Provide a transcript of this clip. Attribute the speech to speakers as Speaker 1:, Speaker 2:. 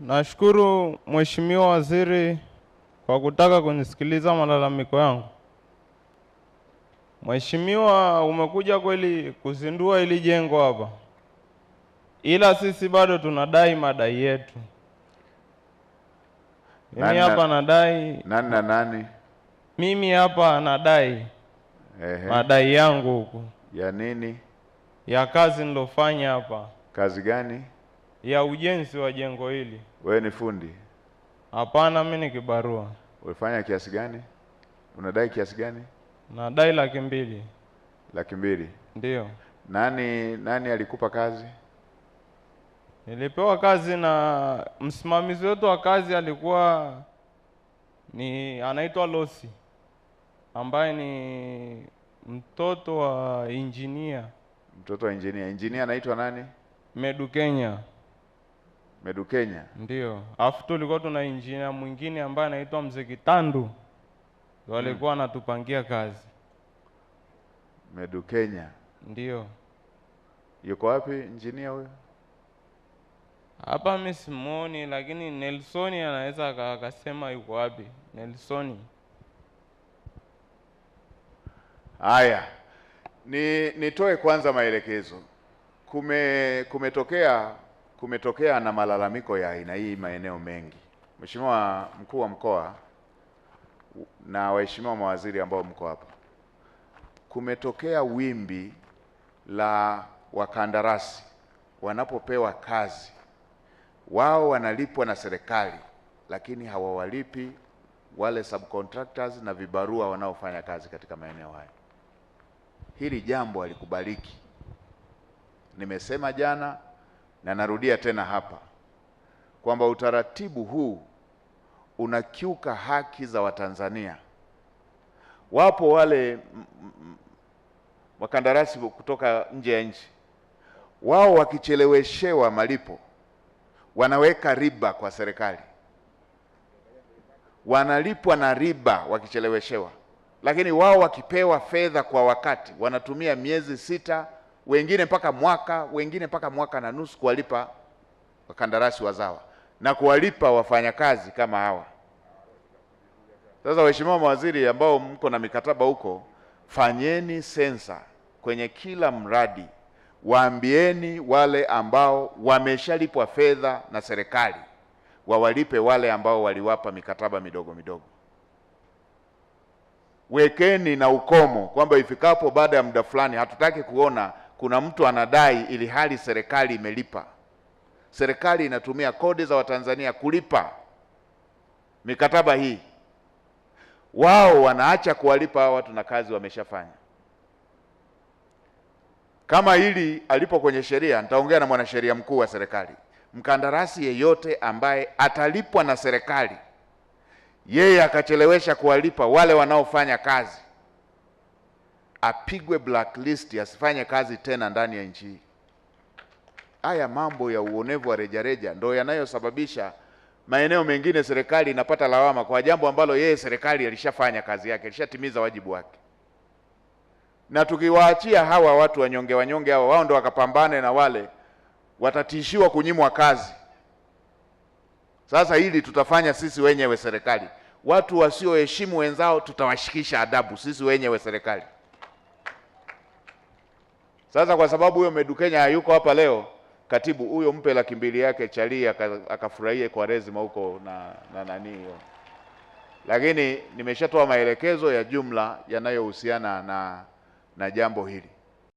Speaker 1: Nashukuru Mheshimiwa Waziri kwa kutaka kunisikiliza malalamiko yangu. Mheshimiwa, umekuja kweli kuzindua hili jengo hapa, ila sisi bado tunadai madai yetu.
Speaker 2: Mimi hapa nadai nani na nani?
Speaker 1: Mimi hapa nadai ehe, madai yangu huku
Speaker 2: ya nini?
Speaker 1: Ya kazi nilofanya hapa.
Speaker 2: Kazi gani?
Speaker 1: ya ujenzi wa jengo hili.
Speaker 2: Wewe ni fundi?
Speaker 1: Hapana, mimi ni kibarua.
Speaker 2: Ulifanya kiasi gani? Unadai kiasi gani?
Speaker 1: Nadai laki mbili. Laki mbili? ndio
Speaker 2: Nani nani alikupa kazi?
Speaker 1: Nilipewa kazi na msimamizi wetu wa kazi alikuwa ni anaitwa Losi ambaye ni mtoto wa injinia.
Speaker 2: Mtoto wa injinia. Injinia anaitwa nani?
Speaker 1: Medu Kenya.
Speaker 2: Medu Kenya.
Speaker 1: Ndio. Alafu tulikuwa tuna injinia mwingine ambaye anaitwa Mzee Kitandu walikuwa hmm. anatupangia hmm, kazi
Speaker 2: Medu Kenya. Ndio. Yuko wapi injinia huyo?
Speaker 1: Hapa mimi simuoni, lakini Nelson anaweza akasema yuko wapi. Nelson.
Speaker 2: Haya, ni nitoe kwanza maelekezo. Kume kumetokea kumetokea na malalamiko ya aina hii maeneo mengi. Mheshimiwa mkuu wa mkoa na waheshimiwa mawaziri ambao mko hapa, kumetokea wimbi la wakandarasi wanapopewa kazi, wao wanalipwa na serikali, lakini hawawalipi wale subcontractors na vibarua wanaofanya kazi katika maeneo hayo. Hili jambo halikubaliki. Nimesema jana na narudia tena hapa kwamba utaratibu huu unakiuka haki za Watanzania. Wapo wale wakandarasi kutoka nje ya nchi, wao wakicheleweshewa malipo wanaweka riba kwa serikali, wanalipwa na riba wakicheleweshewa, lakini wao wakipewa fedha kwa wakati wanatumia miezi sita wengine mpaka mwaka, wengine mpaka mwaka na nusu kuwalipa wakandarasi wazawa na kuwalipa wafanyakazi kama hawa. Sasa waheshimiwa mawaziri, ambao mko na mikataba huko, fanyeni sensa kwenye kila mradi, waambieni wale ambao wameshalipwa fedha na serikali wawalipe wale ambao waliwapa mikataba midogo midogo. Wekeni na ukomo kwamba ifikapo baada ya muda fulani hatutaki kuona kuna mtu anadai ili hali serikali imelipa. Serikali inatumia kodi za Watanzania kulipa mikataba hii, wao wanaacha kuwalipa hao watu na kazi wameshafanya. Kama hili alipo kwenye sheria, nitaongea na mwanasheria mkuu wa serikali. Mkandarasi yeyote ambaye atalipwa na serikali, yeye akachelewesha kuwalipa wale wanaofanya kazi apigwe blacklist, asifanye kazi tena ndani ya nchi hii. Haya mambo ya uonevu wa rejareja ndio yanayosababisha maeneo mengine serikali inapata lawama kwa jambo ambalo yeye serikali alishafanya kazi yake, alishatimiza wajibu wake. Na tukiwaachia hawa watu wanyonge wanyonge hawa, wao ndo wakapambane na wale, watatishiwa kunyimwa kazi. Sasa hili tutafanya sisi wenyewe serikali. Watu wasioheshimu wenzao tutawashikisha adabu sisi wenyewe serikali. Sasa kwa sababu huyo Medukenya hayuko hapa leo, katibu huyo mpe laki mbili yake Chalia akafurahie kwa rezima huko na, na nani hiyo. Lakini nimeshatoa maelekezo ya jumla yanayohusiana na, na jambo hili.